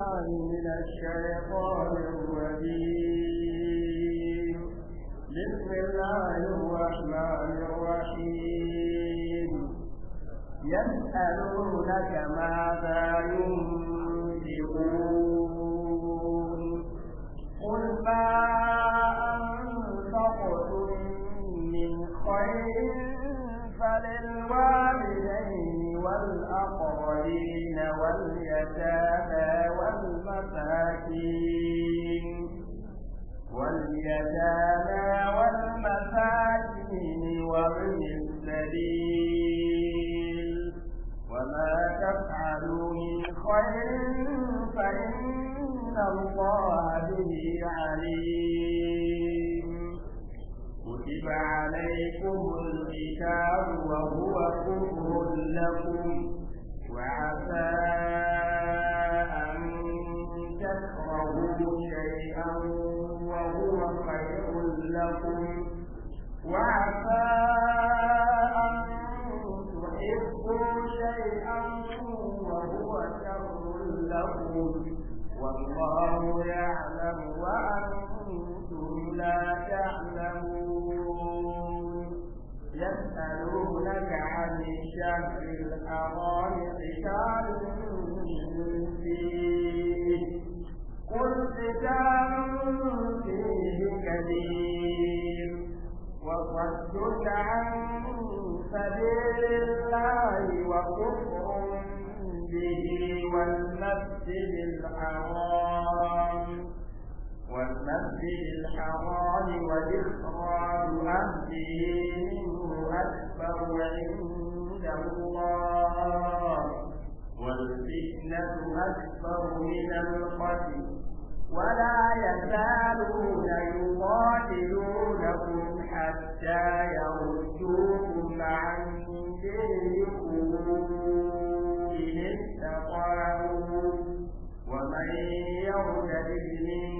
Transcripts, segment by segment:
من الشيطان الرجيم بسم الله الرحمن الرحيم يسألونك ماذا ينفقون قل ما أنفقتم من خير فللوالدين والأقربين واليتامى والمساكين واليتامى والمساكين وابن السبيل وما تفعلوا من خير فإن الله به عليم كتب عليكم الكتاب وهو كفر لكم وعسى أن تكرهوا شيئا وهو خير لكم وعسى أن تحبوا شيئا وهو شر لكم والله يعلم وأنتم لا تعلمون يسألونك عن الشهر الحرام قتال فيه قل قتال فيه كبير وصدك عن سبيل الله وكفر به والمسجد الحرام والمسجد الحرام وإخراج أهله منه أكبر عند الله والفتنة أكبر من القتل ولا يزالون يقاتلونكم حتى يردوكم عن دينكم إن استطاعوا ومن يرتد منكم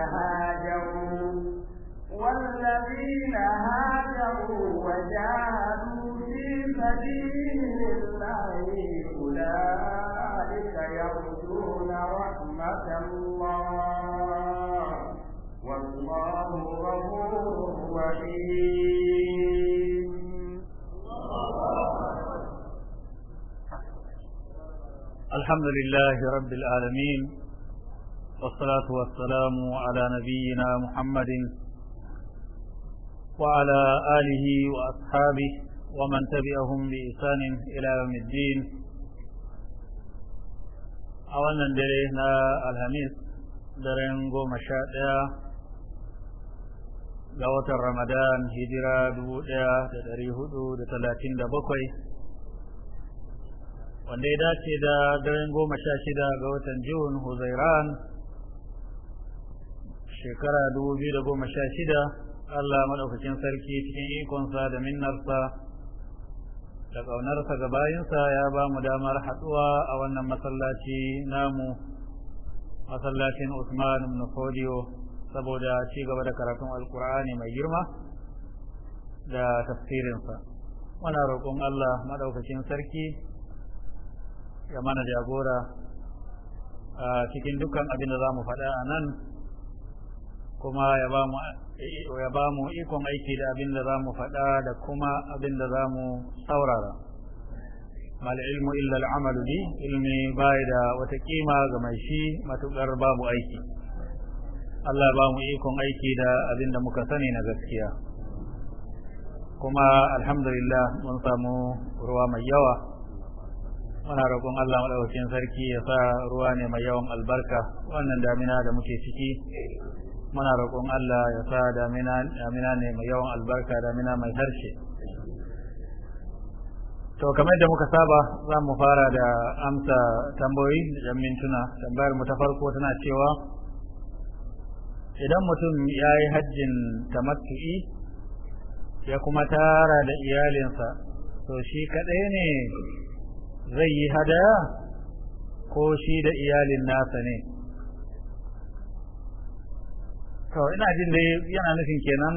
هاجروا والذين هاجروا وجاهدوا في سبيل الله أولئك يرجون رحمة الله والله غفور رحيم الحمد لله رب العالمين والصلاة والسلام على نبينا محمد وعلى آله وأصحابه ومن تبعهم بإحسان إلى يوم الدين أولا درينا الهميس درين قوم الشاطئة قوة رمضان هجرة دودة دريه دودة ثلاثين دبقوي wanda ya dace da daren goma sha shida ga watan june huzairan shekara dubu biyu da goma sha shida Allah maɗaukacin sarki cikin ikonsa da minnarsa da ƙaunarsa ga bayansa ya ba mu damar haɗuwa a wannan masallaci namu masallacin Usman ibn Fodiyo saboda ci gaba da karatun Alƙur'ani mai girma da tafsirinsa muna roƙon Allah maɗaukacin sarki ya mana jagora a cikin dukkan abin da za mu faɗa a nan kuma ya ba mu ikon aiki da abin da za mu faɗa da kuma abin da za mu saurara mal ilmu illa al'amalu bi ilmi bai da wata kima ga mai shi matuƙar babu aiki Allah ba mu ikon aiki da abin da muka sani na gaskiya kuma alhamdulillah mun samu ruwa mai yawa muna roƙon Allah madaukakin sarki ya sa ruwa ne mai yawan albarka wannan damina da muke ciki muna roƙon Allah ya sa damina ne mai yawan albarka damina mai harshe to kamar da muka saba za mu fara da amsa tambayoyi da mintuna tambayar mu ta farko tana cewa idan mutum ya yi hajjin tamattu'i ya kuma tara da iyalinsa to shi kaɗai ne zai yi hadaya ko shi da iyalin nasa ne to ina jin dai yana nufin kenan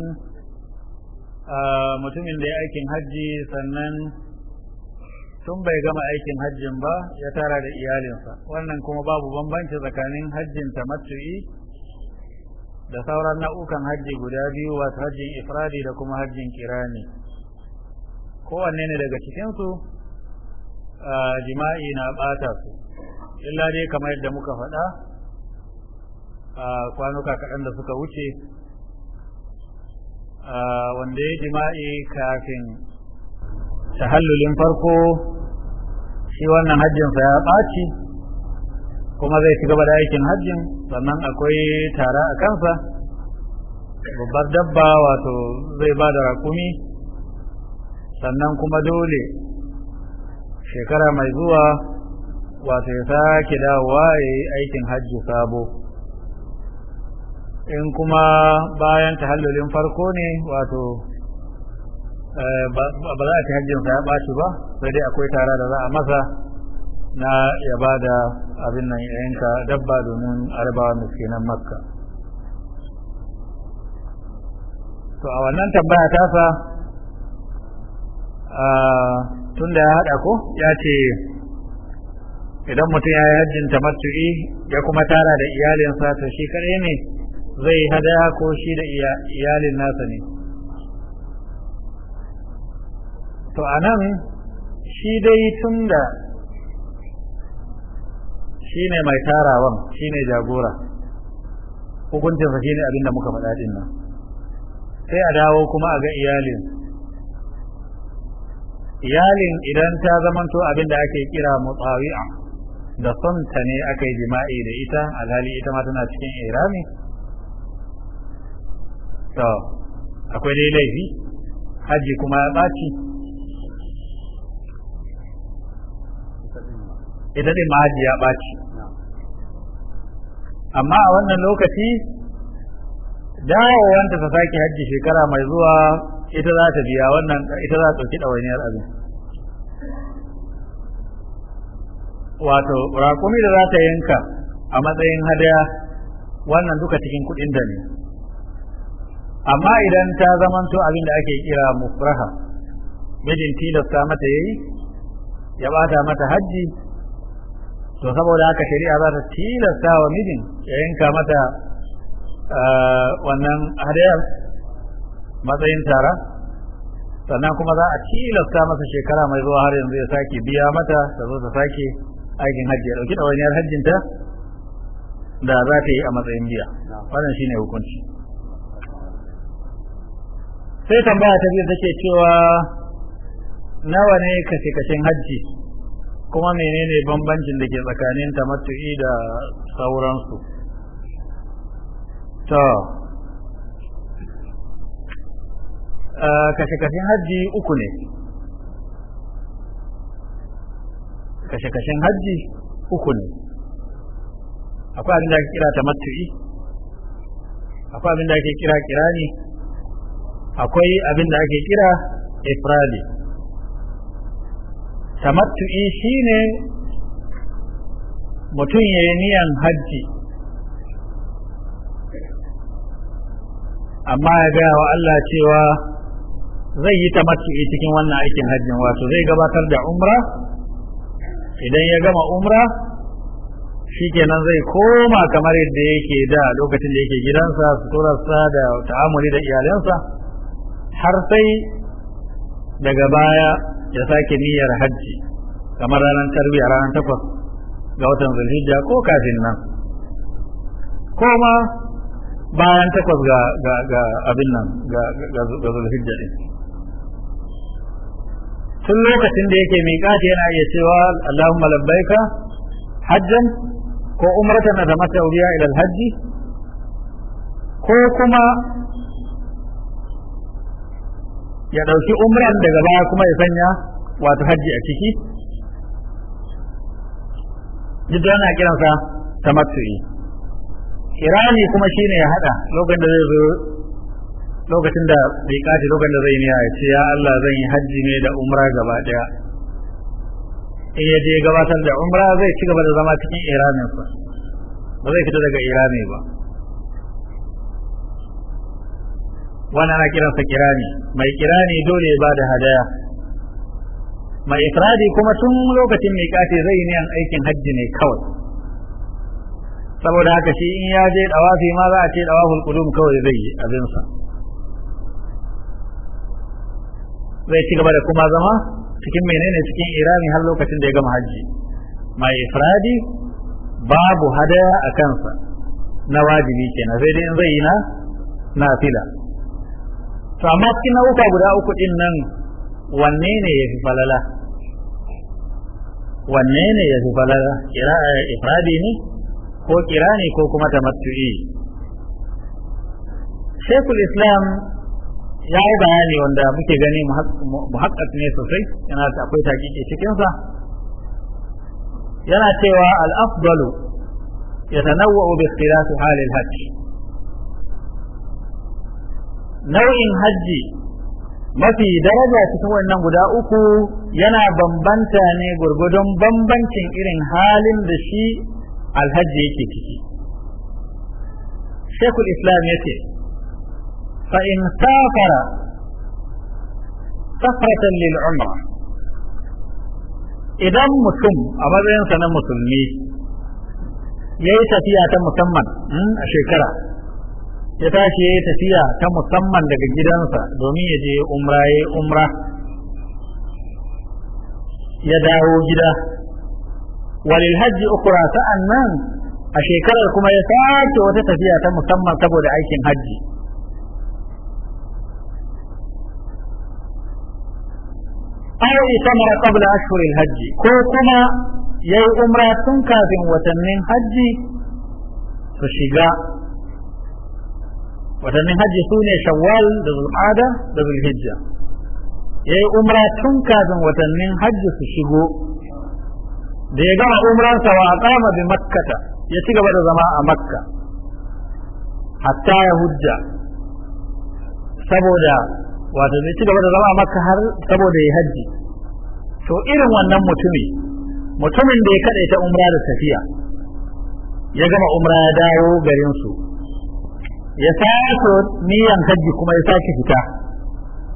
mutumin da ya aikin hajji sannan tun bai gama aikin hajjin ba ya tara da iyalinsa wannan kuma babu bambanci tsakanin hajjin matu'i da sauran nau'ukan hajji guda biyu wasu hajjin ifradi da kuma hajjin kirani kowanne ne daga cikinsu jima'i na ɓata su illa dai kamar yadda muka faɗa kwanuka kaɗan da suka wuce wanda ya jima'i kafin tahallulin farko shi wannan hajjinsa ya ɓaci kuma zai ci gaba da aikin hajjin sannan akwai tara a kansa babbar dabba wato zai ba da rakumi sannan kuma dole shekara mai zuwa wato ya sake dawowa ya aikin hajji sabo in kuma bayan tahallulin farko ne wato eh, ba za a ci hajjinsa ya ɓaci ba sai dai akwai tara da za a masa na ya ba da abin nan yanka dabba domin arabawa miskinan makka to a wannan tambaya tasa tun da ya haɗa ko ya ce idan mutum ya yi hajjin tamattu'i ya kuma tara da iyalinsa to shi kaɗai ne zai hada ko shi da iyalin nasa ne to anan shi dai tun da shi ne mai tarawan shi ne jagora hukuncinsa shi ne abinda muka faɗa din nan sai a dawo kuma a ga iyalin iyalin idan ta zamanto abinda ake kira mutawi'a da son ta ne aka jima'i da ita alhali ita ma tana cikin irami to akwai dai laifi haji kuma ya ɓaci ita ɗin ma haji ya ɓaci amma a wannan lokaci wanda ta sake haji shekara mai zuwa ita za ta biya wannan ita za ta ɗauki ɗawainiyar abin wato raƙumi da za ta yanka a matsayin hadaya wannan duka cikin kuɗin da ne amma idan ta zamanto abin da ake kira mufraha mijin tilasta mata yayi ya bata mata hajji to saboda haka shari'a za ta tilasta wa mijin ya yanka mata eh, wannan hadayar matsayin tara sannan kuma za a tilasta masa shekara mai zuwa har yanzu ya sake biya mata ta zo ta sake aikin hajji ya ɗauki ɗawainiyar hajjinta da za ta yi a matsayin biya wannan shine hukunci sai tambaya ta biyu take cewa nawa ne kashe-kashen hajji kuma menene bambancin da ke tsakanin tamattu'i da sauransu to kashe-kashen hajji uku ne kashe-kashen hajji uku ne akwai abin da ake kira tamattu'i akwai abin da ake kira kirani akwai abin da ake kira ifradi tamattu'i shine mutum ya yi niyan hajji amma ya gaya wa Allah cewa zai yi tamattu'i cikin wannan aikin hajjin wato zai gabatar da umra idan ya gama umra shikenan zai koma kamar yadda yake da lokacin da yake gidansa su suturarsa da ta'amuli da iyalansa har sai daga baya ya sake niyyar hajji kamar ranar a ranar takwas ga watan zulhijja ko kafin nan ko ma bayan takwas ga abin nan ga zulhijja din tun lokacin da yake miƙati yana iya cewa Allahumma labbaika hajjan ko umratan da mata ila al-hajji ko kuma ya ɗauki umran daga baya kuma ya sanya wato hajji a ciki duk yana kiransa ta tamattu'i kirani kuma shine ya hada lokacin da zai zo lokacin da bai kace lokacin da zai ne ya ce ya Allah zan yi hajji ne da umra gaba daya in ya je gabatar da umra zai ci gaba da zama cikin iranin ba zai fita daga irani ba wani ana kiransa kirani mai kirani dole ya bada hadaya mai ifradi kuma tun lokacin mai kace zai ne aikin hajji ne kawai saboda haka shi in ya je dawafi ma za a ce dawaful qudum kawai zai yi abin sa zai ci gaba da kuma zama cikin menene cikin irani har lokacin da ya gama hajji mai ifradi babu hadaya a kansa na wajibi kenan sai dai in zai yi na nafila to amma cikin nau'uka guda uku din nan wanne ne ya fi falala wanne ne ya fi falala eh, ifradi ne ko ne ko kuma tamattu'i shekul islam ya yi bayani wanda muke gani muhakkak ne sosai yana da akwai takiki cikinsa yana cewa al-afdalu yatanawwa'u bi ikhtilafi halil hajj nau'in hajji mafi daraja cikin wannan guda uku yana bambanta ne gurgudun bambancin irin halin da shi alhaji yake ciki shekul islam ya ce fa'in safara safaratan lil idan mutum a matsayinsa na musulmi ya yi tafiya ta musamman hmm, a shekara ya tashi ya yi tafiya ta musamman daga gidansa domin ya je umra ya umra ya dawo gida walil hajji ukura sa'an nan a shekarar kuma ya sake wata tafiya ta musamman saboda aikin hajji aw itamara qabla ashhuril hajji ko kuma yayi umra tun kafin watannin hajji su shiga watannin hajji su ne shawwal da zulqada da zulhijja ya umra tun kafin watannin hajji su shigo da ya gama sa wa aqama bi makkata ya ci gaba da zama a makka hatta ya hujja saboda wato zai ci gaba da zama a makka har saboda ya hajji to irin wannan mutumi mutumin da ya kaɗaita umra da tafiya ya gama umra ya dawo garinsu ya sake niyan hajji kuma ya sake fita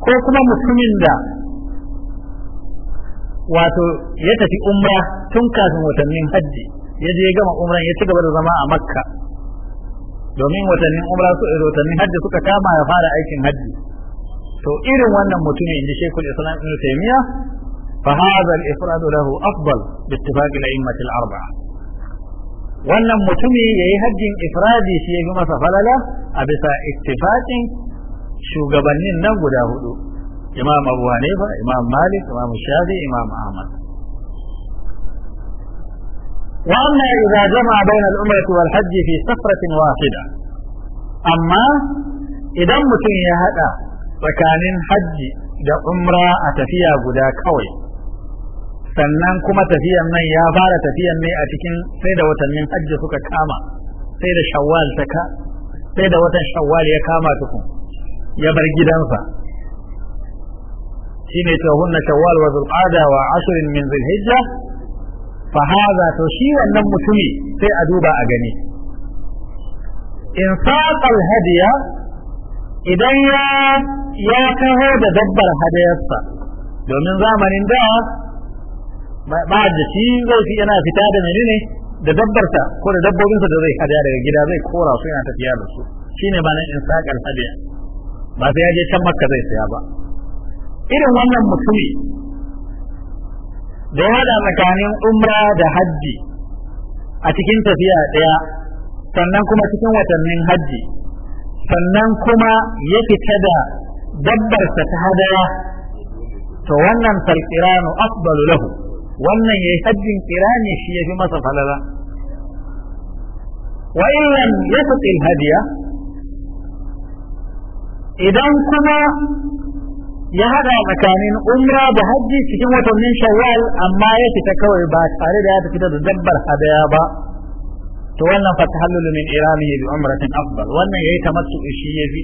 ko kuma mutumin da wato ya tafi umra tun kafin watannin hajji ya je gama umran ya ci gaba da zama a makka domin watannin umra su watannin hajji suka kama ya fara aikin hajji to irin wannan mutumin inji shekul islam ibn taymiya fa hadha al-ifrad lahu afdal bi ittifaq al-a'immat al-arba'a wannan mutumi ya yi hajjin ifradi shi ya fi masa falala a bisa ittifaƙin shugabannin nan guda hudu imam abu hanifa imam malik imam shafi imam ahmad وأما إذا جمع بين العمرة والحج في سفرة واحدة أما إذا متن يهدى وكان حج da umra a tafiya guda kawai sannan kuma tafiyan nan ya fara tafiyan ne a cikin sai da watannin hajji suka kama sai da shawwal ta ka sai da watan shawwal ya kama tukun ya bar gidansa shine to hunna shawwal wa zulqa'da wa ashrin min zulhijja fa hadha to shi wannan mutumi sai a duba a gani in saqal hadiya idan ya ya taho da dabbar hadayarsa domin zamanin da ba da shi zai fi yana fita da menene da dabbarsa ko da dabbobinsa da zai hada daga gida zai kora su yana tafiya da su shine ba nan sakar hadiya ba sai ya je can makka zai saya ba irin wannan mutumi da ya tsakanin umra da hajji a cikin tafiya ɗaya sannan kuma cikin watannin hajji sannan kuma ya fita da dabbarsa ta hadaya to wannan salqiranu afdalu lahu wannan ya yi haddin kirani shi ya fi masa falala wa illan ya hadiya idan kuma ya hada tsakanin umra da hajji cikin watannin shawwal amma ya fita kawai ba tare da ya fita da dabbar hadaya ba to wannan fa tahallul min irami bi umratin afdal wannan yayi tamattu shi yafi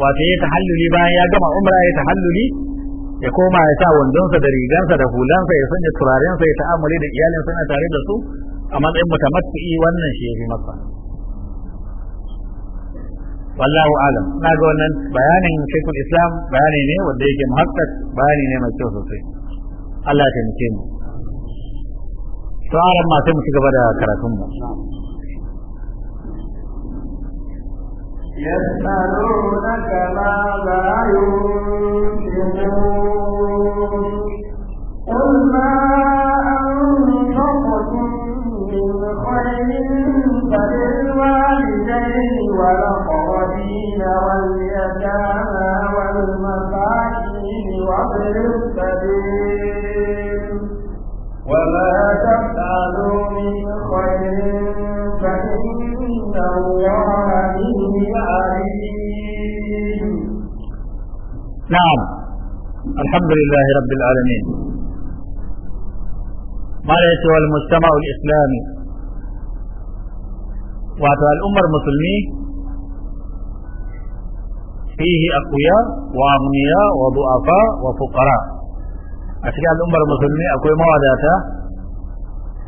wato yayi tahalluli bayan ya gama umra yayi tahalluli ya koma ya sa wandonsa da rigansa da hulansa ya sanya turarensa ya ta'amuli da iyalinsa na tare da su a matsayin mutamatti'i wannan shi ya fi masa wallahu alam na ga wannan bayanin shekul islam bayani ne wanda yake muhakkak bayani ne mai kyau sosai Allah ya taimake mu to aran ma sai mu ci gaba da karatun mu يسألونك ماذا ينفقون قل ما أنفقتم من خير فللوالدين والأقربين واليتامى والمساكين وابن السبيل وما تفعلوا من خير نعم الحمد لله رب العالمين ما مالت المجتمع الإسلامي وعطى الأمة المسلمين فيه أقوياء وأغنياء وضعفاء وفقراء أشكال الأمة المسلمين أقوي مواداتا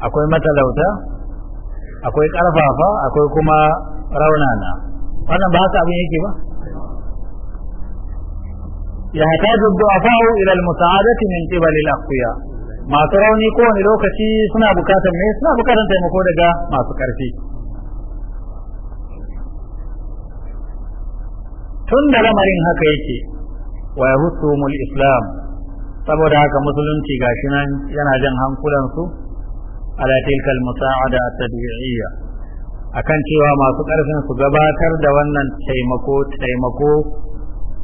أقوي متلوتا أقوي كرفافا أقوي كما رونانا وأنا بحث أبي هيكي بقى يحتاج الضعفاء إلى المساعدة من قبل الأقوياء masu rauni kowane lokaci suna bukatar ne suna bukatar taimako daga masu ƙarfi tun da lamarin haka yake wa yahussumul islam saboda haka musulunci gashi nan yana jan hankulan su ala tilkal musa'ada tabiiyya akan cewa masu karfin su gabatar da wannan taimako taimako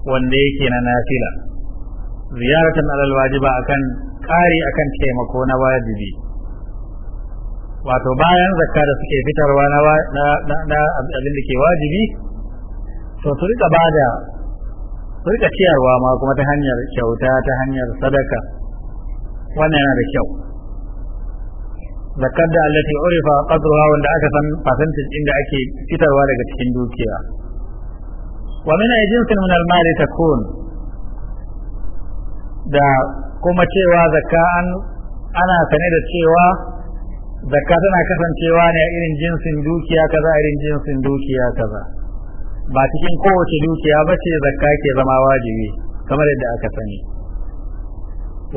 wanda yake na nafila ziyaratan alal wajiba akan kare akan taimako na wajibi wato bayan zakka da suke fitarwa na abin da ke wajibi to su rika bada su rika ciyarwa ma kuma ta hanyar kyauta ta hanyar sadaka wannan yana da kyau zakar da allati urifa qadruha wanda aka san fasantin inda ake fitarwa daga cikin dukiya ومن أي جنس من المال تكون da kuma cewa zakka ana sane da cewa zakka tana kasancewa ne a irin jinsin dukiya kaza a irin jinsin dukiya kaza ba cikin kowace dukiya ba ce zakka ke zama wajibi kamar yadda aka sani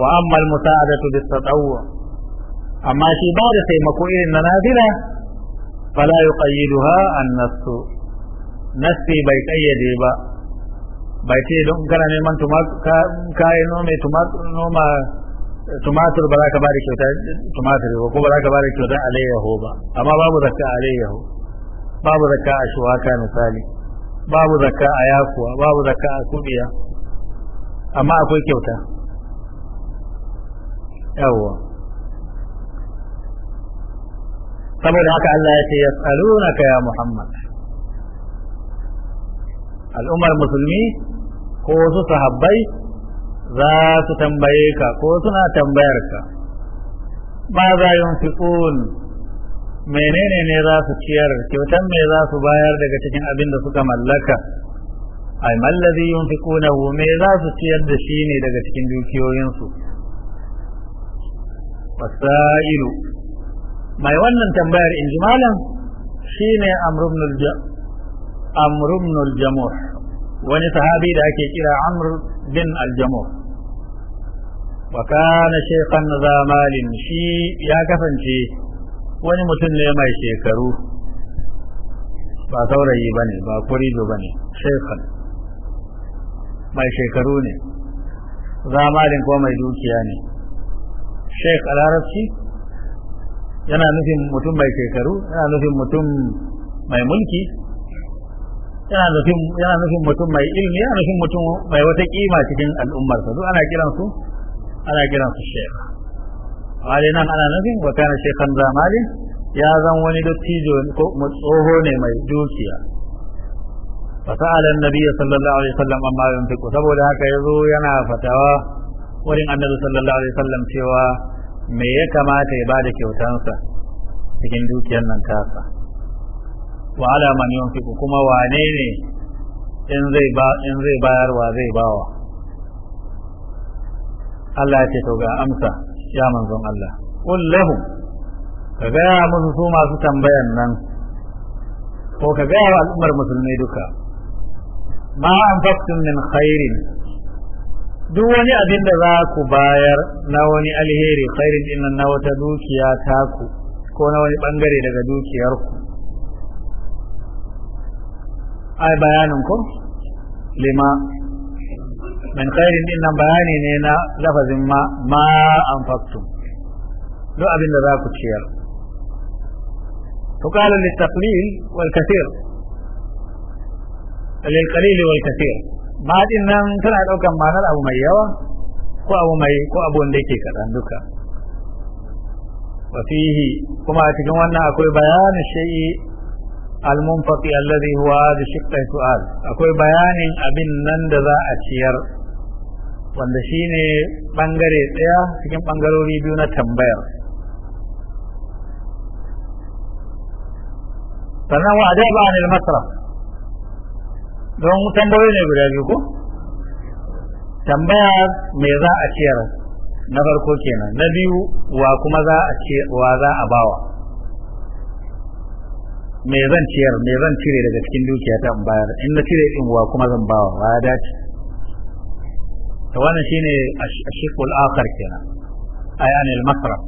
wa amma al-musa'adatu bis-tatawwu amma shi bada taimako irin na nazila fala yuqayyiduha an-nassu nasi bai kayyade ba bai ce don kana neman kayan nome noma eh, tumatur ba za ka bada kyauta tumatur ba ko ba za ka bada kyauta alayyaho ba amma babu zakka alayyaho babu zakka a shuwaka misali babu zakka a yakuwa babu zakka a kubiya amma akwai kyauta yawwa saboda haka Allah ya ce yas'alunaka ya Muhammad al'ummar musulmi ko su sahabbai za su tambaye ka ko suna tambayar ka Ba za yunfiqun menene ne za su ciyar kyautan me za su bayar daga cikin abin da suka mallaka ai mallazi na me za su ciyar da shi ne daga cikin dukiyoyinsu wasailu mai wannan tambayar in malam shine ne ibn amr ibn al-jamuh wani sahabi da ake kira amr bin al-jamuh wa kana shaykhan zamalin shi ya kasance wani mutum ne mai shekaru ba saurayi bane ba kurido bane shaykhan mai shekaru ne zamalin ko mai dukiya ne sheikh al-arabi yana nufin mutum mai shekaru yana nufin mutum mai mulki yana nufin yana nufin mutum mai ilmi yana nufin mutum mai wata kima cikin al'ummar sa duk ana kiran su ana kiran su shekh wale nan ana nufin wa kana shekhan zamani ya zan wani dattijo ko tsoho ne mai dukiya فسأل النبي صلى alaihi عليه amma أما ينفق saboda haka yazo yana fatawa wurin annabi sallallahu alaihi wasallam cewa me ya kamata ya bada kyautansa cikin dukiyar nan kasa wa ala man yunfiqu kuma wane ne in zai ba in zai bayarwa zai bawa Allah ya ce to ga amsa ya manzon Allah qul ka gaya musu su masu tambayan nan ko ka gaya wa al'ummar musulmai duka ma an min khairin duk wani abin da za ku bayar na wani alheri khairin din na wata dukiya ta ku? ko na wani bangare daga dukiyarku ai bayanin ko lima min khairin din nan bayani ne na lafazin ma ma an faktu do abin da za ku ciyar فقال qalil wal للقليل ma din nan tana daukan ma'anar abu mai yawa ko abu mai ko abu wanda yake kadan duka wa fihi kuma a cikin wannan akwai bayanin shay'i al-munfaqi alladhi huwa da shiqqai su'al akwai bayanin abin nan da za a ciyar wanda shine bangare daya cikin bangarori biyu na tambayar sannan wa ajaba anil masraf don tambayoyi ne guda biyu ko tambaya me za a ciyar na farko kenan na biyu wa kuma za a ce wa za a bawa me zan ciyar me zan cire daga cikin dukiya ta in bayar in na cire in wa kuma zan bawa ba ya dace to wannan shine ashiqul akhar kenan ay al masraf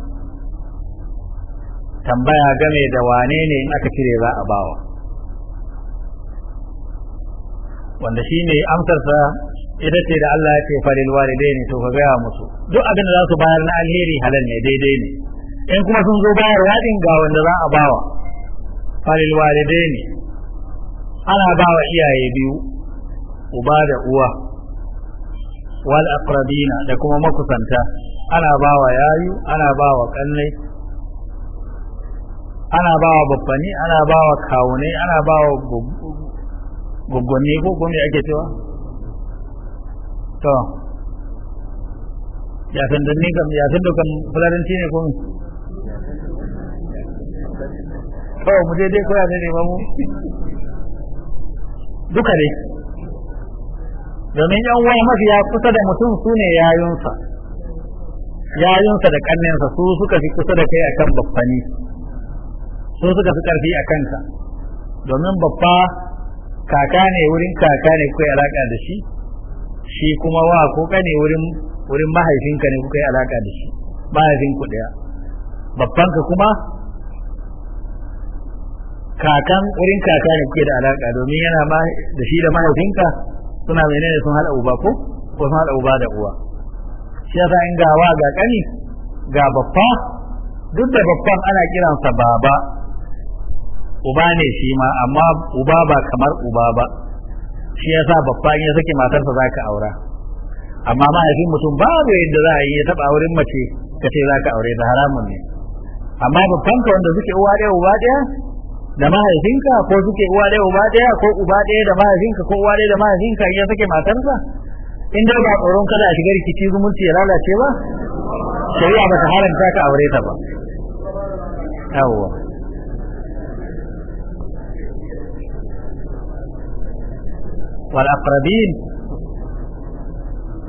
tambaya game da wane ne in aka cire za a bawa wanda shine amsarsa ita ce da Allah ya ce dai ne to ka gaya musu duk abin da za su bayar na alheri halal ne daidai ne in kuma sun zo bayar din ga wanda za a bawa falil walidaini ana ba wa iyaye biyu uba da uwa wal aqrabina da kuma makusanta ana ba wa yayu ana ba wa kanne ana ba wa babbani ana ba wa kawune ana ba wa guggwanni ko kuma ake cewa to ya san da ni kam ya san da kan fularanci ne ko Ba mu daidai koya ne ba mu duka ne domin yan wani mafiya kusa da mutum su ne yayunsa yayunsa da kanninsa su suka fi kusa da kai akan baffani su suka fi ƙarfi a kanka domin babba kaka ne wurin kaka ne kuka alaƙa da shi shi kuma wa koka ne wurin wurin mahaifinka ne kuka yi alaƙa da shi mahaifinku daya ɗaya babbanka kuma kakan wurin kaka ne ke da alaka domin yana ma da shi da mahaifinka suna menene sun hada uba ko ko sun hada uba da uwa shi yasa in gawa ga kani ga babba duk da babban ana kiransa baba uba ne shi ma amma uba ba kamar uba ba shi yasa babba ya saki matarsa za ka aura amma mahaifin mutum babu yadda za a yi ya taba wurin mace ka ce za ka aure da haramun ne amma babban ka wanda suke uwa ɗaya uba ɗaya da mahaifinka ko suke uwa ɗaya uba ɗaya ko uba ɗaya da mahaifinka ko uwa ɗaya da mahaifinka ya sake matarsa in dai ba tsoron kada a shiga rikici zumunci ya lalace ba shari'a ba ta haramta ka aure ta ba yawwa wal aqrabin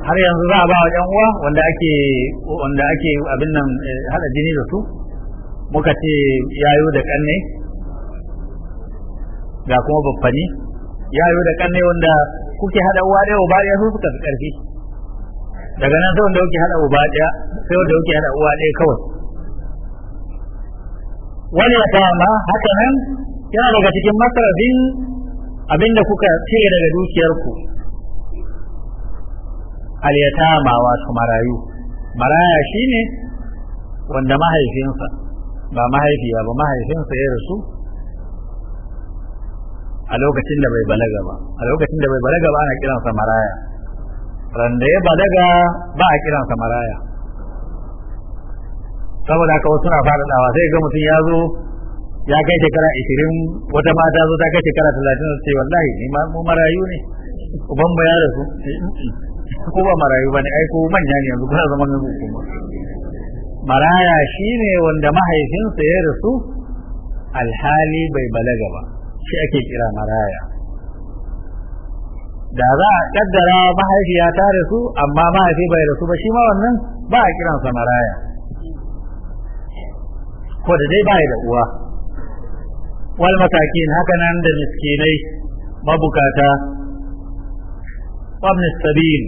har yanzu za a ba wa yan uwa wanda ake wanda ake abin nan eh, hada jini da su muka ce yayo da kanne ga kuma baffani yayo da kanne wanda kuke hada uwa da uba ya su suka fi karfi daga nan sai wanda kuke hada uba da sai wanda kuke hada uwa ɗaya kawai wani yatama haka nan yana daga cikin masarafin abinda kuka cire daga dukiyarku al-yatama wato marayu maraya shine wanda mahaifinsa ba mahaifiya ba mahaifinsa ya rasu a lokacin da bai balaga ba a lokacin da bai balaga ba ana kiransa maraya randa ya balaga ba a kiransa maraya saboda haka wasu na faɗaɗawa sai ga mutum ya zo ya kai shekara ishirin wata mata zo ta kai shekara talatin da ce wallahi ni ma mu marayu ne uban ba ya rasu ko ba marayu ba ne ai ko manya ne yanzu kuna zaman yanzu kuma maraya shine wanda mahaifinsa ya rasu alhali bai balaga ba shi ake kira maraya da za a kaddara mahaifiya ta rasu amma mahaifi bai rasu ba shi ma wannan ba a kiransa maraya ko da dai bai da uwa wal matakin haka nan da miskinai mabukata wabn sabil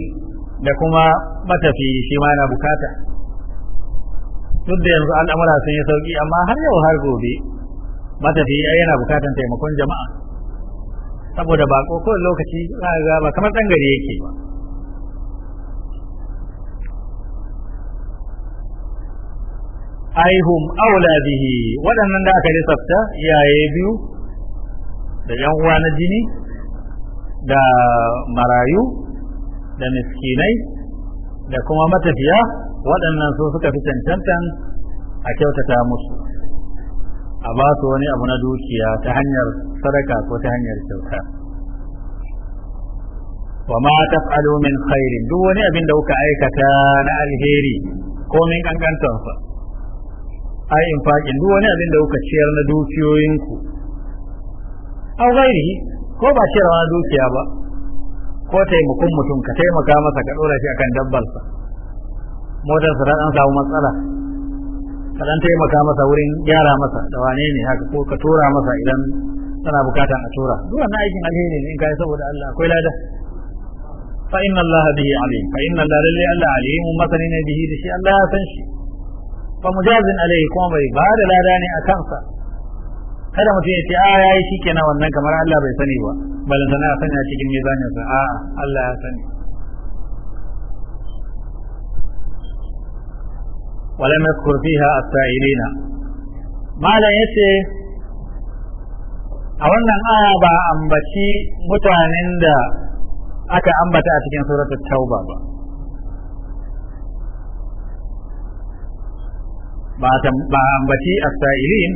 da kuma matafi shi ma na bukata duk da yanzu al'amura sun yi sauki amma har yau har gobe matafiya yana bukatan taimakon jama'a saboda ba ko kowane lokaci za a ba kamar ɗan gari yake ba aihum aula bihi waɗannan da aka lissafta iyaye biyu da yan uwa na jini da marayu da miskinai da kuma matafiya waɗannan su suka fi cancantan a kyautata musu a ba su wani abu na dukiya ta hanyar sadaka ko ta hanyar kyauta wa ma taf'alu min khairin duk wani abin da kuka aikata na alheri ko min kankantansa ai in fakin duk wani abin da kuka ciyar na dukiyoyinku au gairi ko ba ciyar na dukiya ba ko taimakon mutum ka taimaka masa ka dora shi akan dabbarsa motarsa ta dan samu matsala ka dan taimaka masa wurin gyara masa da wane ne haka ko ka tura masa idan kana bukatan a tura duk wannan aikin alheri ne in kai saboda Allah akwai lada fa inna Allah bihi alim fa inna Allah lillahi Allah alim masanin bihi da shi Allah ya san shi fa mujazin alaihi kuma bai ba da lada ne a kansa kada mutum ya ce a yayi shikenan wannan kamar Allah bai sani ba balantana ya sani a cikin mizanin sa a Allah ya sani ولم يذكر a السائلين malam ya ce a wannan aya ba ambaci mutanen da aka ambata a cikin suratul tauba ba ba ambaci as-sa'ilin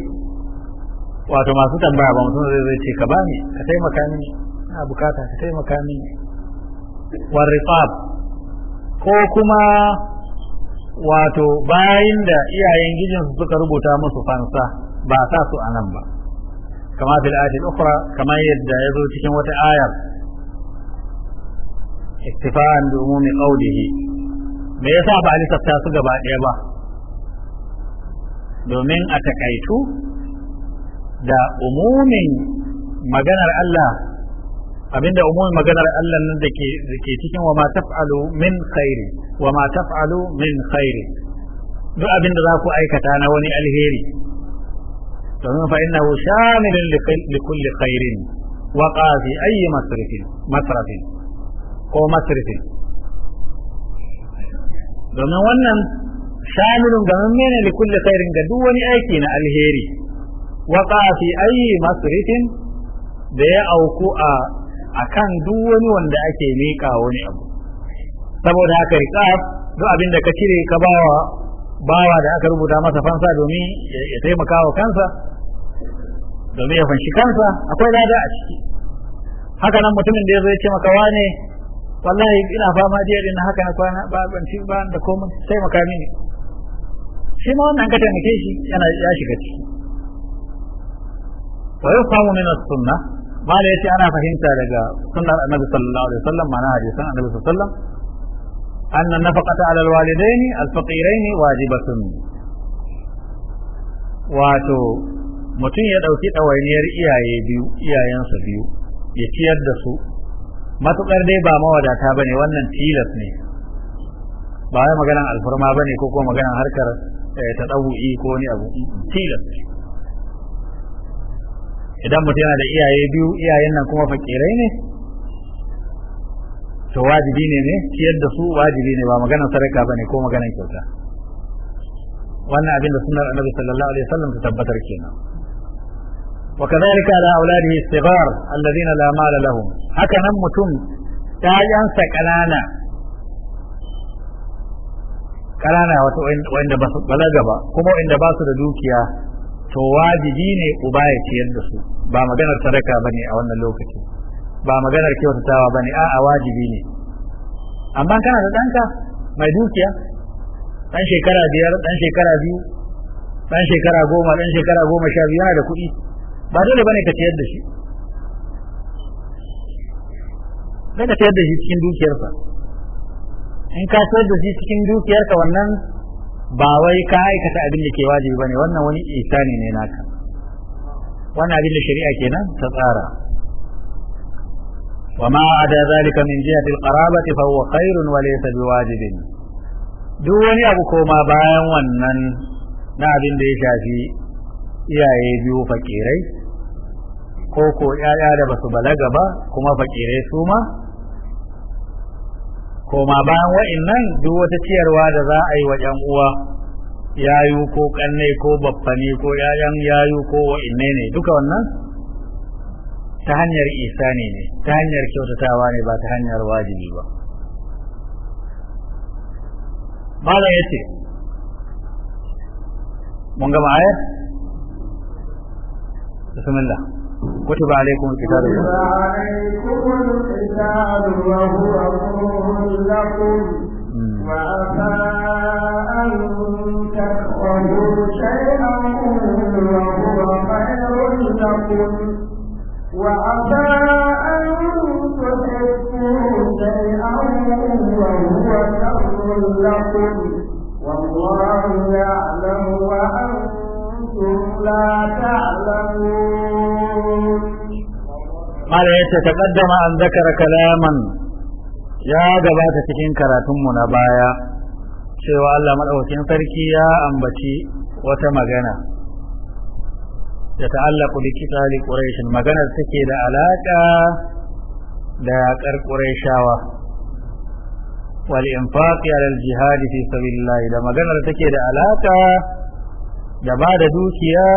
wato masu tambaya ba mutum zai ce ka bani ka taimaka ni na bukata ka taimaka mini warifab ko kuma wato bayan da iyayen su suka rubuta musu fansa ba sa su anan ba kama fil ayatin ukhra kama yadda ya zo cikin wata ayar ittifa'an bi umumi qawlihi me yasa ba a tafta su gaba ɗaya ba domin a takaitu da umumin maganar Allah abinda umumin maganar Allah nan da ke cikin wa ma taf'alu min khairi wa ma taf'alu min khairi duk abinda za ku aikata na wani alheri domin fa innahu shamilun li kulli khairin wa qafi ayi masrifin masrafin ko masrifin domin wannan shamilun ga mene li kulli khairin ga duk wani aiki na alheri wa qafi ayi masrifin da ya auku a akan duk wani wanda ake miƙa wani abu saboda haka riqab duk abin da ka cire ka bawa bawa da aka rubuta masa fansa domin ya taimaka wa kansa domin ya fanshi kansa akwai lada a ciki haka nan mutumin da ya zo ya ce maka wane wallahi ina fama jiya din haka na kwana ba ban ci ba da komai sai maka mini shi ma wannan ka taimake shi yana ya shiga ciki wa yusamu min as-sunnah mala yace ana fahimta daga sunnar annabi sallallahu alaihi wasallam mana hadisan annabi sallallahu alaihi wasallam anna nafaqata ala alwalidaini alfaqiraini wajibatun wato mutum ya ɗauki dawainiyar iyaye biyu iyayensu biyu ya ciyar da su matukar dai ba mawadata bane wannan tilas ne ba maganar alfarma bane ko kuma maganar harkar eh, ta ko wani abu tilas idan mutum yana da iyaye biyu iyayen nan kuma fakirai ne to wajibi ne ne ciyar da su wajibi ne ba magana ba bane ko magana kyauta wannan abin da sunnar annabi sallallahu alaihi wasallam ta tabbatar kenan wa kadhalika ala auladihi sigar alladhina la mal lahum haka nan mutum sa ƙanana ƙanana wato wanda ba su balaga ba kuma wanda ba su da dukiya to wajibi ne uba ya ciyar da su ba maganar sadaka bane a wannan lokaci ba maganar kyautatawa bane a'a wajibi ne amma kana da danka mai dukiya dan shekara biyar dan shekara biyu dan shekara goma dan shekara goma sha biyu yana da kuɗi ba dole bane ka ciyar da shi sai ka ciyar da shi cikin dukiyarsa in ka ciyar da shi cikin dukiyarka wannan ba wai ka aikata abin da ke wajibi bane wannan wani isani ne naka wannan abin da shari'a kenan ta tsara zalika min ذلك من fa huwa khairun wa laysa biwajibin duk wani abu koma bayan wannan na abin da ya shafi iyaye biyu fakirai ko ko 'ya'ya da basu balaga ba kuma fakirai su ma koma bayan wa'annan duk wata ciyarwa da za a yi wa ‘yan uwa yayu ko kanne ko baffani ko ‘ya'yan yayu ko wa'anne ne duka wannan ta hanyar isani ne ta hanyar kyautatawa ne ba ta hanyar wajibi ba malam ya ce mun gama ayar bismillah كتب عليكم القتال كتب عليكم القتال وهو كره لكم وعسى أن تكرهوا شيئا وهو خير لكم وعسى أن تحبوا شيئا وهو شر لكم والله يعلم وأنتم لا تعلمون mala ce taqaddama an zakara kalaman ya gabata cikin karatunmu na baya cewa Allah madaukakin sarki ya ambaci wata magana ya ta'allaqu da kitali quraish magana take da alaƙa da yaƙar ƙurashawa wal infaq ala al jihad fi sabilillah da magana take da alaƙa da ba da dukiya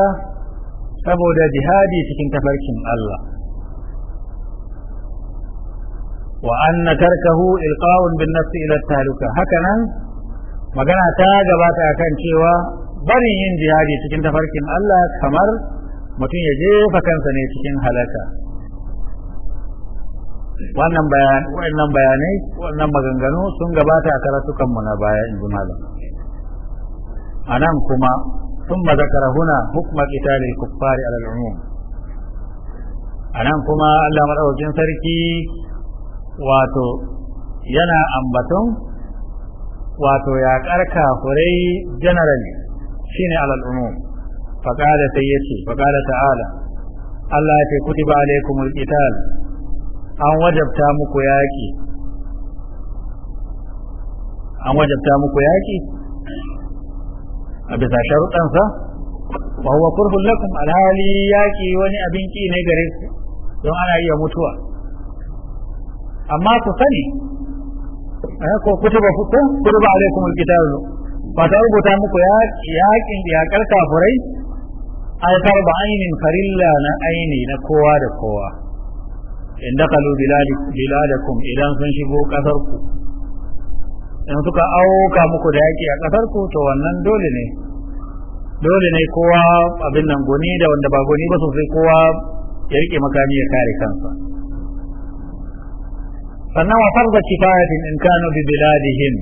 saboda jihadi cikin tafarkin Allah wa anna tarkahu ilqa'un bin nafsi ila taluka hakanan magana ta gabata kan cewa barin yin jihadi cikin tafarkin Allah kamar mutum ya jefa kansa ne cikin halaka wannan bayan wannan bayanai wannan maganganu sun gabata a karatukan mu na baya in malam anan kuma ثم ذكر هنا حكم قتال الكفار على العموم anan kuma Allah madaukakin sarki wato yana ambaton wato ya karka furai generally shine alal umum faqala sayyidi faqala ta'ala Allah ya ce kutiba alaikumul qital an wajabta muku yaki an wajabta muku yaki a sharutan sa wa huwa kurhul lakum alhali yaki wani abinki ne gare ku don ana iya mutuwa amma ku sani eh, ko kutuba fuku kutuba alaikum alkitab ba ta rubuta muku ya yakin karka furai, ay farba ainin farilla na aini na kowa da kowa in dakalu biladakum idan sun shigo kasar ku in suka auka muku da yaki a kasar ku to wannan dole ne dole ne kowa abin nan goni da wanda ba goni ba sosai kowa ya rike makami ya kare kansa sannan wa farza kifayatin in kanu bi biladihim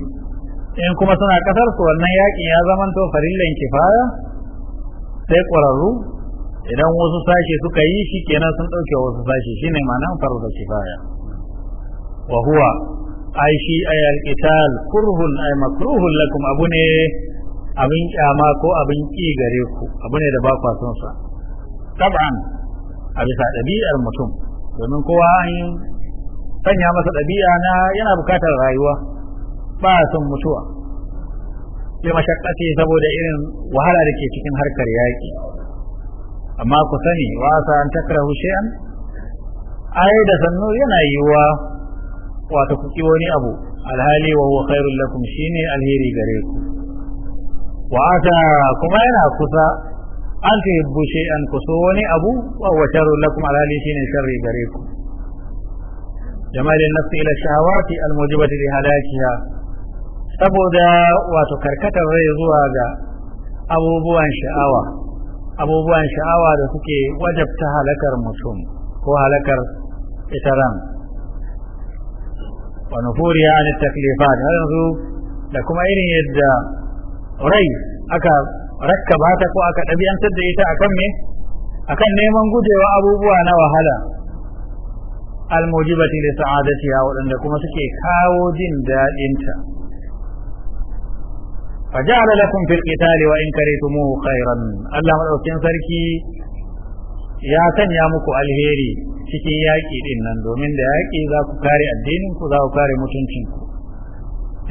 in kuma suna kasar su wannan yakin ya zamanto farillan kifaya sai ƙwararru idan wasu sashe suka yi shi kenan sun ɗauke wasu sashe shine ma'anar farza kifaya wa huwa ai shi ay alqital kurhun ay makruhun lakum abu ne abin kyama ko abin ki gare ku abu ne da ba kwa son sa tab'an a bisa ɗabi'ar mutum domin kowa an sanya masa ɗabi'a na yana bukatar rayuwa ba son mutuwa ya mashakkati saboda irin wahala da ke cikin harkar yaƙi amma ku sani wasa an takrahu shay'an ai da sannu yana yiwa wato ku ki wani abu alhali wa huwa khairul lakum shine alheri gare ku wa kuma yana kusa an tuhibbu shay'an kuso wani abu wa huwa sharrul lakum alhali shine sharri gare ku جمال النفس الى الشهوات الموجبه لهلاكها تبدا وتكركت الري زوا ابو بوان شعاوة ابو بوان شعاوة ده سكي وجبتها لكر مسلم هو لكر اترام ونفوريا عن التكليفات هل نظر لكم اين يدى ري اكا ركباتك واكا تبي ان تدعي تاكمي اكا نيمان قدر وابو بوان وهلا almujibati li sa'adatiha waɗanda kuma suke kawo jin daɗinta faja'ala lakum fil qitali wa in karihtumuhu khairan Allah madaukin sarki ya sanya muku alheri cikin yaƙi din nan domin da yaƙi za ku kare addinin ku za ku kare mutuncin ku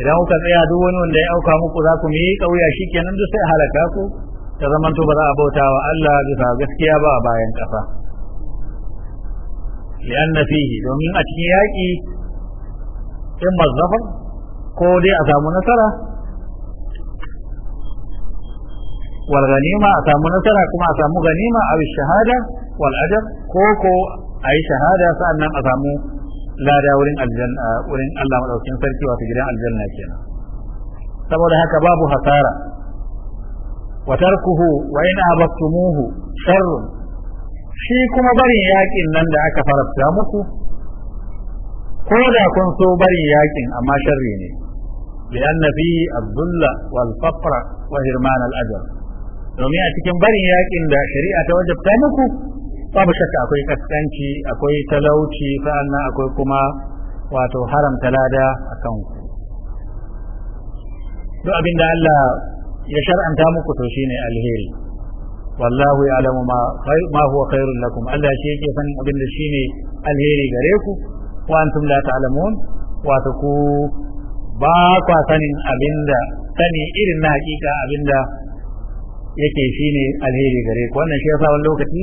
idan kuka tsaya duk wani wanda ya auka muku za ku ƙauya shi kenan duk sai halaka ku ta zamanto ba za a bauta wa Allah bisa gaskiya ba a bayan ƙasa. li'anna fihi domin a cikin yaƙi in mazafar ko dai a samu nasara wal ganima a samu nasara kuma a samu ganima a shahada wal ajab ko ko a yi shahada sa'annan a samu lada wurin aljanna wurin Allah madaukakin sarki wato gidan aljanna kenan saboda haka babu hasara wa tarkuhu wa in abattumuhu sharrun shi kuma barin yakin nan da aka farafta muku ko da kun so barin yakin amma sharri ne لأن فيه الذل والفقر وهرمان الأجر domin a cikin barin yakin da shari'a ta wajabta muku babu shakka akwai kaskanci akwai talauci sa'annan akwai kuma wato haramta lada a kanku duk abin da Allah ya shar'anta muku to shine alheri wallahu يعلم ما خير ma huwa خير لكم Allah shi yake sanin الشيني الهيري غريكو alheri gare ku واتكو باقا la ta'lamun wato ku baka kwa sanin abinda sani irin na hakika abinda yake shine alheri gare ku wannan shi yasa wani lokaci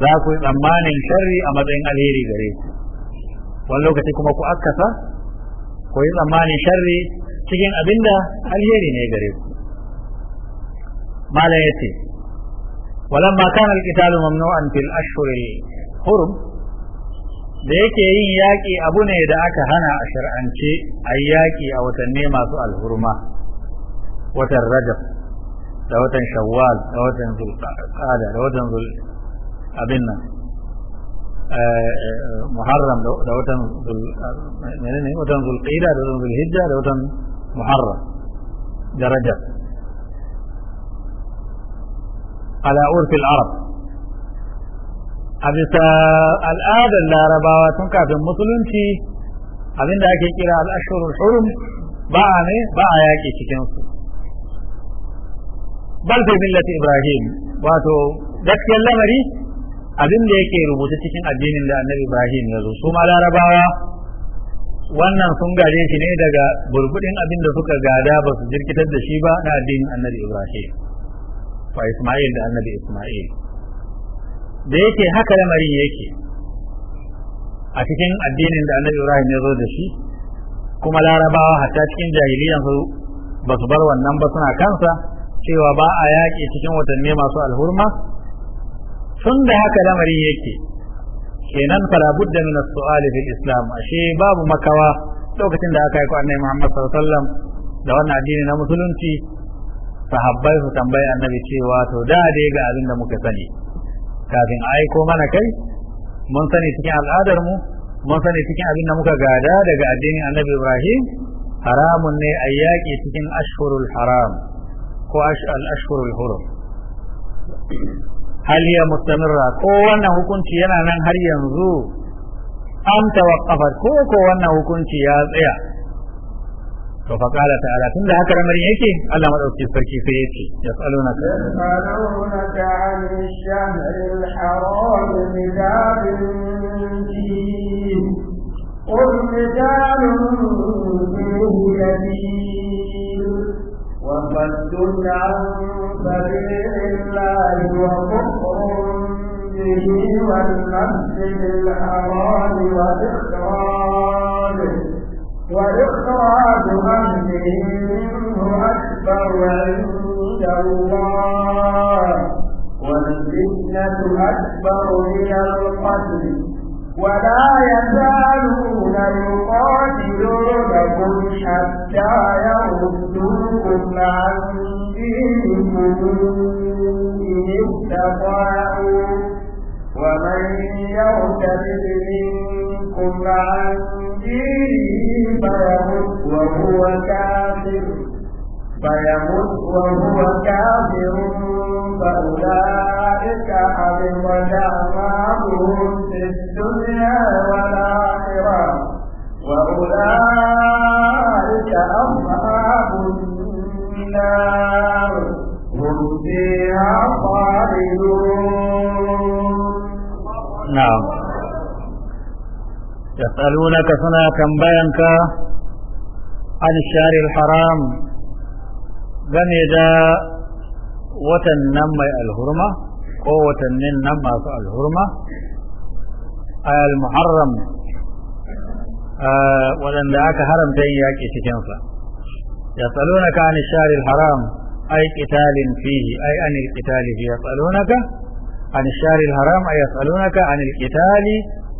za ku yi tsammanin sharri a matsayin alheri gare ku wani lokaci kuma ku akasa ku yi tsammanin sharri cikin abinda alheri ne gare ku ya yace ولما كان القتال ممنوعا في الأشهر الحرم da yake yin yaƙi abu ne da aka hana a shar'ance a yaƙi a watanni masu alhurma watan rajab da watan shawwal da watan zulqa'ada da watan zul abin nan muharram da watan zul menene watan zulqa'ida da watan zulhijja da watan muharram da rajab ala urfil arab a al'adar larabawa tun kafin musulunci abinda ake kira al'ashurul hurum ba a ne ba yaƙi cikinsu bal fi millati ibrahim wato gaskiyar lamari abin da yake rubuta cikin addinin da annabi ibrahim yanzu zo larabawa wannan sun gaje shi ne daga burbudin abin da suka gada ba su jirkitar da shi ba na addinin annabi ibrahim wa Isma'il da annabi Isma'il da yake haka lamarin yake a cikin addinin da annabi Ibrahim ya zo da shi kuma larabawa hatta cikin jahiliyan su ba su bar wannan ba suna kansa cewa ba a yaƙi cikin watanni masu alhurma tun da haka lamarin yake kenan fala budda min as-su'ali fil islam ashe babu makawa lokacin da aka yi ku annabi Muhammad sallallahu alaihi wasallam da wannan addini na musulunci sahabbai su tambayi annabi cewa to da dai ga abin da muka sani kafin aiko mana kai mun sani cikin al'adar mu mun sani cikin abin da muka gada daga addinin annabi ibrahim haramun ne a yaƙi cikin ashhurul haram ko ashhurul hurum hal ya mustamirra ko wannan hukunci yana nan har yanzu am tawaqqafa ko ko wannan hukunci ya tsaya to fa kala ta'ala tun da haka lamarin yake Allah madauki sarki sai ya ce yasaluna ka yasaluna ka an shahril haram midarin قل قتال فيه كبير وصد عن سبيل الله وكفر به والمسجد الحرام وإخراج وإخراج منه أكبر عند الله والفتنة أكبر من القتل ولا يزالون يقاتلونكم حتى يردوكم عن دينكم إن استطاعوا ومن يرتد منكم عن دينه فيمت وهو كافر فيمت وهو كافر فأولئك حبطت أعمالهم في الدنيا والآخرة وأولئك أصحاب النار هم فيها خالدون نعم يسألونك سنة كم بينك عن الشهر الحرام غني دا وتنمى الهرمة قوة من نمى الهرمة المحرم آه، ولن دعاك حرم تيياك تكنفا يسألونك عن الشهر الحرام أي قتال فيه أي أن القتال فيه يسألونك عن الشهر الحرام أي يسألونك عن القتال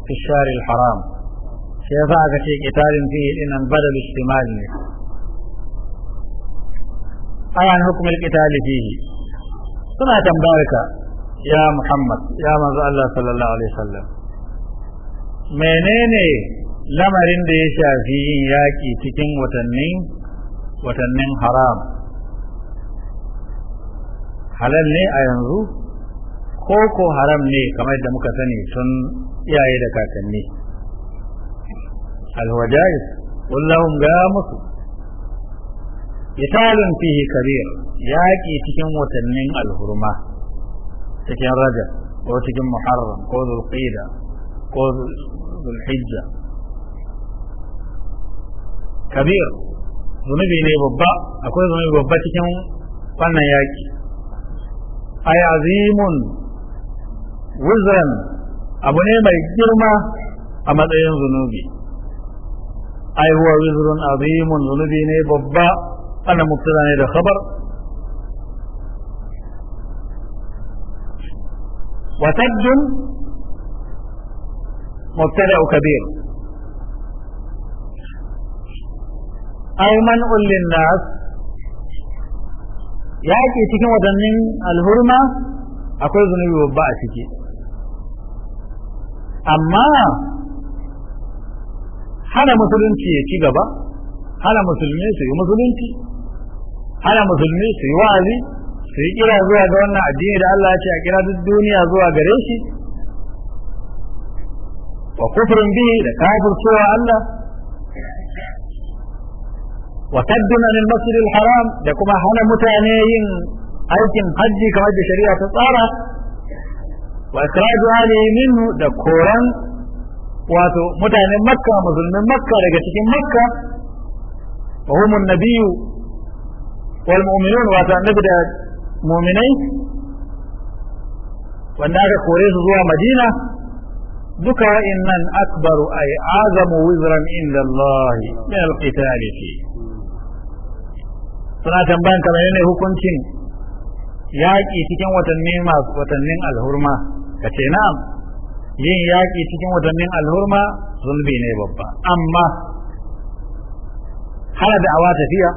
في الشهر الحرام كيف في قتال فيه إن بدل الشمال أي عن حكم القتال فيه سنة تنبارك يا محمد يا مزع الله صلى الله عليه وسلم menene lamarin da ya shafi yin yaƙi cikin watannin haram halal ne a yanzu koko haram ne kamar da muka sani sun iyaye da kakanni alwajais wallahum ga musu italun fihi kabir yaƙi cikin watannin alhurma cikin Raja ko cikin muharram ko zulqida ko zulhijja kabir zunubi ne babba akwai zunubi babba cikin wannan yaƙi ay azimun wuzran abu ne mai girma a matsayin zunubi ai huwa wuzrun azimun zunubi ne babba ana mubtada ne da khabar وسد مبتدأ كبير أو منع للناس cikin wadannin alhurma akwai أقول babba a تكي amma hana musulunci ya ci gaba hana musulmi su yi musulunci hana musulmi su yi wa'azi su yi kira zuwa ga wannan addini da Allah ya ce a kira duk duniya zuwa gare shi wa kufrin bi da cewa Allah wa kadduna lil masjidil haram da kuma hana mutane yin aikin hajji kamar da shari'a ta tsara wa ikhraju ahlihi minhu da koran wato mutanen makka musulmin makka daga cikin makka wa hum an-nabiyyu wal mu'minun wato annabi da mu'minai wanda aka kore su zuwa madina duka wa'innan akbaru ay azamu wizran inda Allah min al-qital fi suna tambayan kamar ne hukuncin yaƙi cikin watanni masu watannin alhurma ka ce na'am yin yaƙi cikin watannin alhurma zunubi ne babba amma hana awa tafiya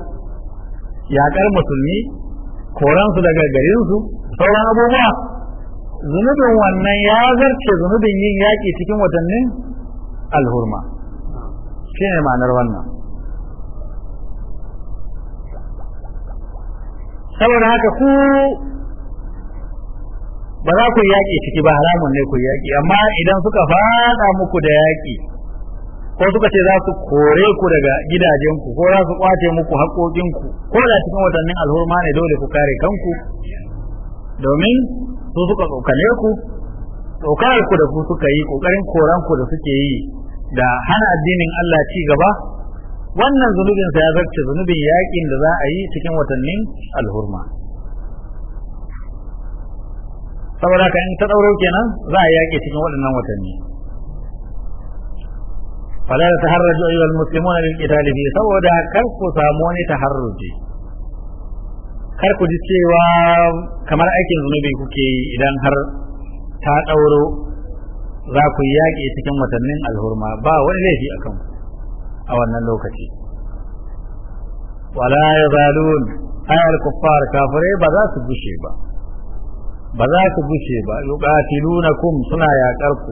yaƙar musulmi koransu daga garinsu sauran abubuwa zunubin wannan ya zarce zunubin yin yaƙi cikin watannin alhurma shi ne ma'anar wannan saboda haka ku ba za ku yaƙi ciki ba haramun ne ku yaƙi amma idan suka faɗa muku da yaƙi ko suka ce za su kore ku daga gidajenku ko za su kwace muku haƙoƙinku ko da cikin watannin alhurma ne dole ku kare kanku domin su suka tsokane ku tsokar ku da ku suka yi ƙoƙarin koran ku da suke yi da hana addinin Allah ci gaba wannan zunubin sa ya zarce zunubin yaƙin da za a yi cikin watannin alhurma saboda ka in ta dauro kenan za a yake cikin waɗannan watanni fala ta taharraju ayyuhal muslimuna lil qitali fi saboda kar ku samu wani taharruji kar ku ji cewa kamar aikin zunubi kuke yi idan har ta ɗauro, za ku yaƙi cikin watannin alhurma ba wani laifi a kan a wannan lokaci wala yazalun ayyul kuffar kafirai ba za su gushe ba ba za su gushe ba kum suna yaƙar ku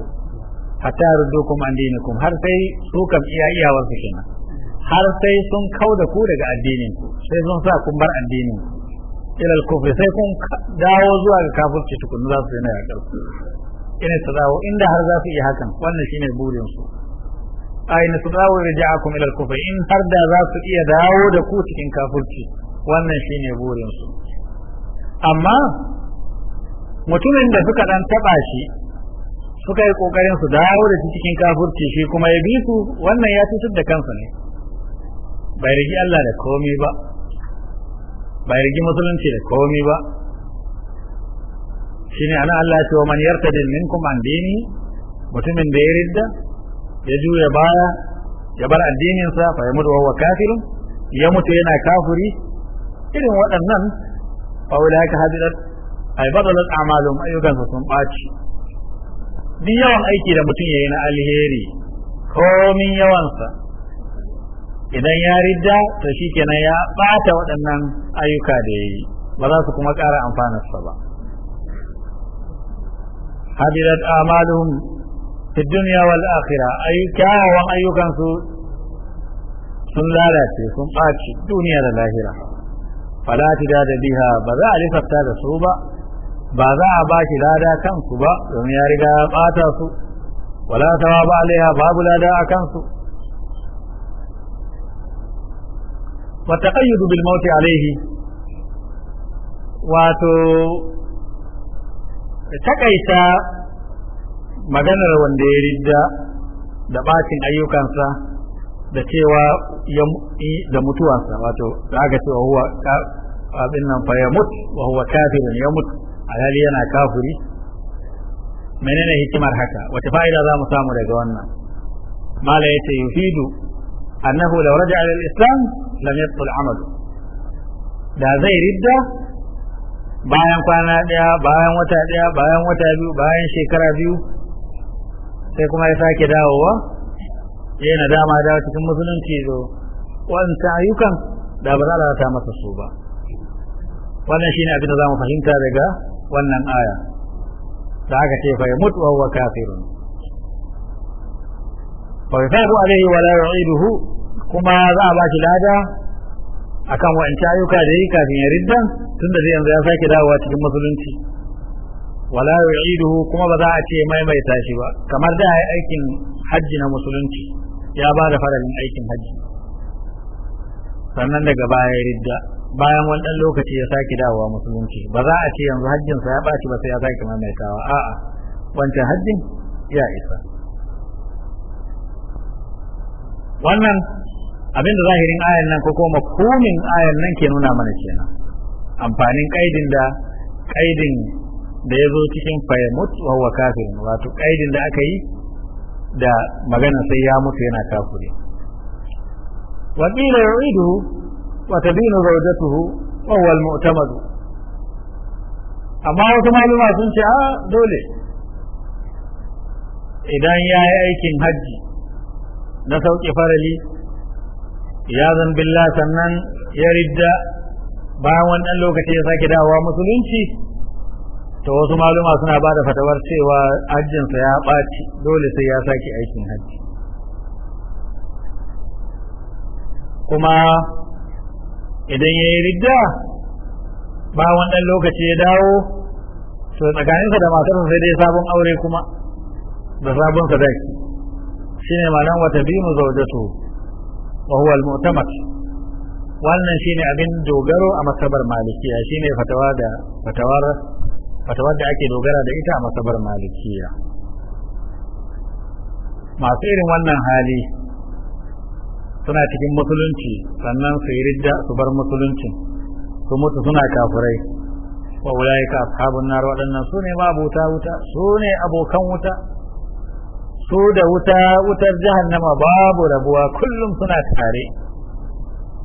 hatta yardukum an dinikum har sai su kam iya iya wasu kenan har sai sun kau da ku daga addinin ku sai sun sa kun bar addinin ku ila al sai kun dawo zuwa ga kafirci tukun za su yi na yaƙar ku ina su dawo inda har za su iya hakan wannan shine burin su aina su dawo rija'akum ila al-kufr in har da za su iya dawo da ku cikin kafirci wannan shine burin su amma mutumin da suka dan taba shi suka yi kokarin su dawo da cikin kafurci shi kuma ya bi su wannan ya cutar da kansa ne bai rigi Allah da komai ba bai rigi musulunci da komai ba shine ana Allah ya ce wa man yartadin minkum an dini mutumin da ya ridda ya juya baya ya bar addinin sa fa ya mutu wa kafirun ya mutu yana kafiri irin waɗannan fa ulaka hadidat ai badalat a'malum ayyukan su sun baci duk yawan aiki da mutum yayi na alheri komin yawansa idan ya ridda to shikenan ya bata waɗannan ayyuka da yayi ba za su kuma ƙara amfanarsa ba hadirat a'maluhum fi dunya wal akhirah ayyuka wa ayyukan su sun lalace sun ɓaci duniya da lahira fala tidada biha ba za a lissafta da su ba ba za a ba shi lada kansu ba domin ya riga ya bata su wala tawa ba alaiha babu lada a kansu wa taqayyudu bil mauti alaihi wato takaita maganar wanda ya ridda da bacin ayyukansa da cewa ya da mutuwansa wato da aka cewa huwa abin nan fa ya mutu wa huwa kafirun ya mutu alhali yana kafiri menene hikimar haka wata fa'ida za mu samu daga wannan mala yace yufidu annahu law raja'a lil islam lam yabtul amal da zai ridda bayan kwana daya bayan wata daya bayan wata biyu bayan shekara biyu sai kuma ya sake dawowa yana da dama da cikin musulunci zo wanda ayyukan da ba za a ta masa su ba wannan shine abin da za mu fahimta daga wannan aya da aka ce fa yamut wa huwa kafirun fa yusabu alaihi wa la yu'iduhu kuma za a bashi lada akan wa'anci ayyuka da yi kafin ya ridda tunda zai yanzu ya sake dawowa cikin musulunci wala yu'iduhu kuma ba za a ce maimaita shi ba kamar da aikin hajji na musulunci ya ba da faralin aikin hajji sannan daga baya ya ridda bayan wani ɗan lokaci ya sake dawowa musulunci ba za a ce yanzu hajjinsa ya ɓaci ba sai ya sake maimaitawa a'a wancan hajjin ya isa wannan abin da zahirin ayan nan ko kuma komin ayan nan ke nuna mana kenan amfanin kaidin da kaidin da ya zo cikin fayyamut wa huwa kafirin wato kaidin da aka yi da magana sai ya mutu yana kafure wa qila yu'idu وتبين زوجته وهو المعتمد amma wasu maluma sun ce a dole idan ya yi aikin hajji na sauƙi farali ya zambilla sannan ya ridda bayan wani ɗan lokaci ya sake dawowa musulunci to wasu maluma suna ba da fatawar cewa hajjinsa ya ɓaci dole sai ya sake aikin hajji kuma idan ya yi ridda ba wannan lokaci ya dawo to tsakaninsa da matarsa sai dai sabon aure kuma da sabon sadaki shine malan wata bi mu zaujatu wa huwa al-mu'tamad wannan shine abin dogaro a masabar malikiya shine fatawa da fatawar fatawar da ake dogara da ita a masabar malikiya masu irin wannan hali suna cikin musulunci sannan su yi ridda su bar musulunci su mutu suna kafirai wa ka ashabun nar waɗannan su ne mabuta wuta su ne abokan wuta su da wuta wutar jahannama babu rabuwa kullum suna tare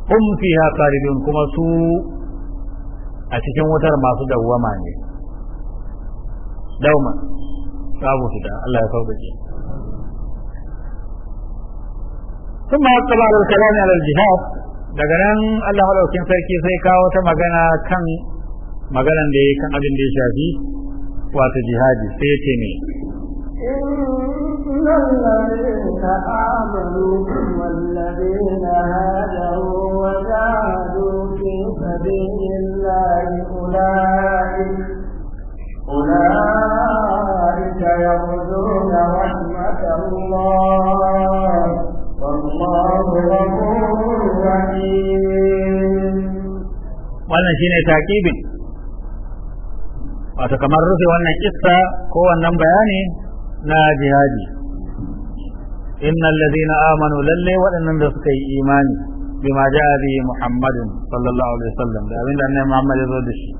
hum fiha khalidun kuma su a cikin wutar masu dawwama ne dauma babu fita Allah ya sauke sun ma wasu ba kalami jihad daga nan Allah maɗaukin sarki sai kawo ta magana kan maganan da ya kan abin da ya shafi jihadi sai ya ce ne إن الذين آمنوا والذين هاجروا وجاهدوا في سبيل الله أولئك أولئك يرجون رحمة الله wannan shine taqibin wato kamar rufe wannan kissa ko wannan bayani na jihadi innal ladina amanu lalle waɗannan da suka yi imani bima ja'a bi muhammadin sallallahu alaihi wasallam da abinda annabi muhammad ya zo da shi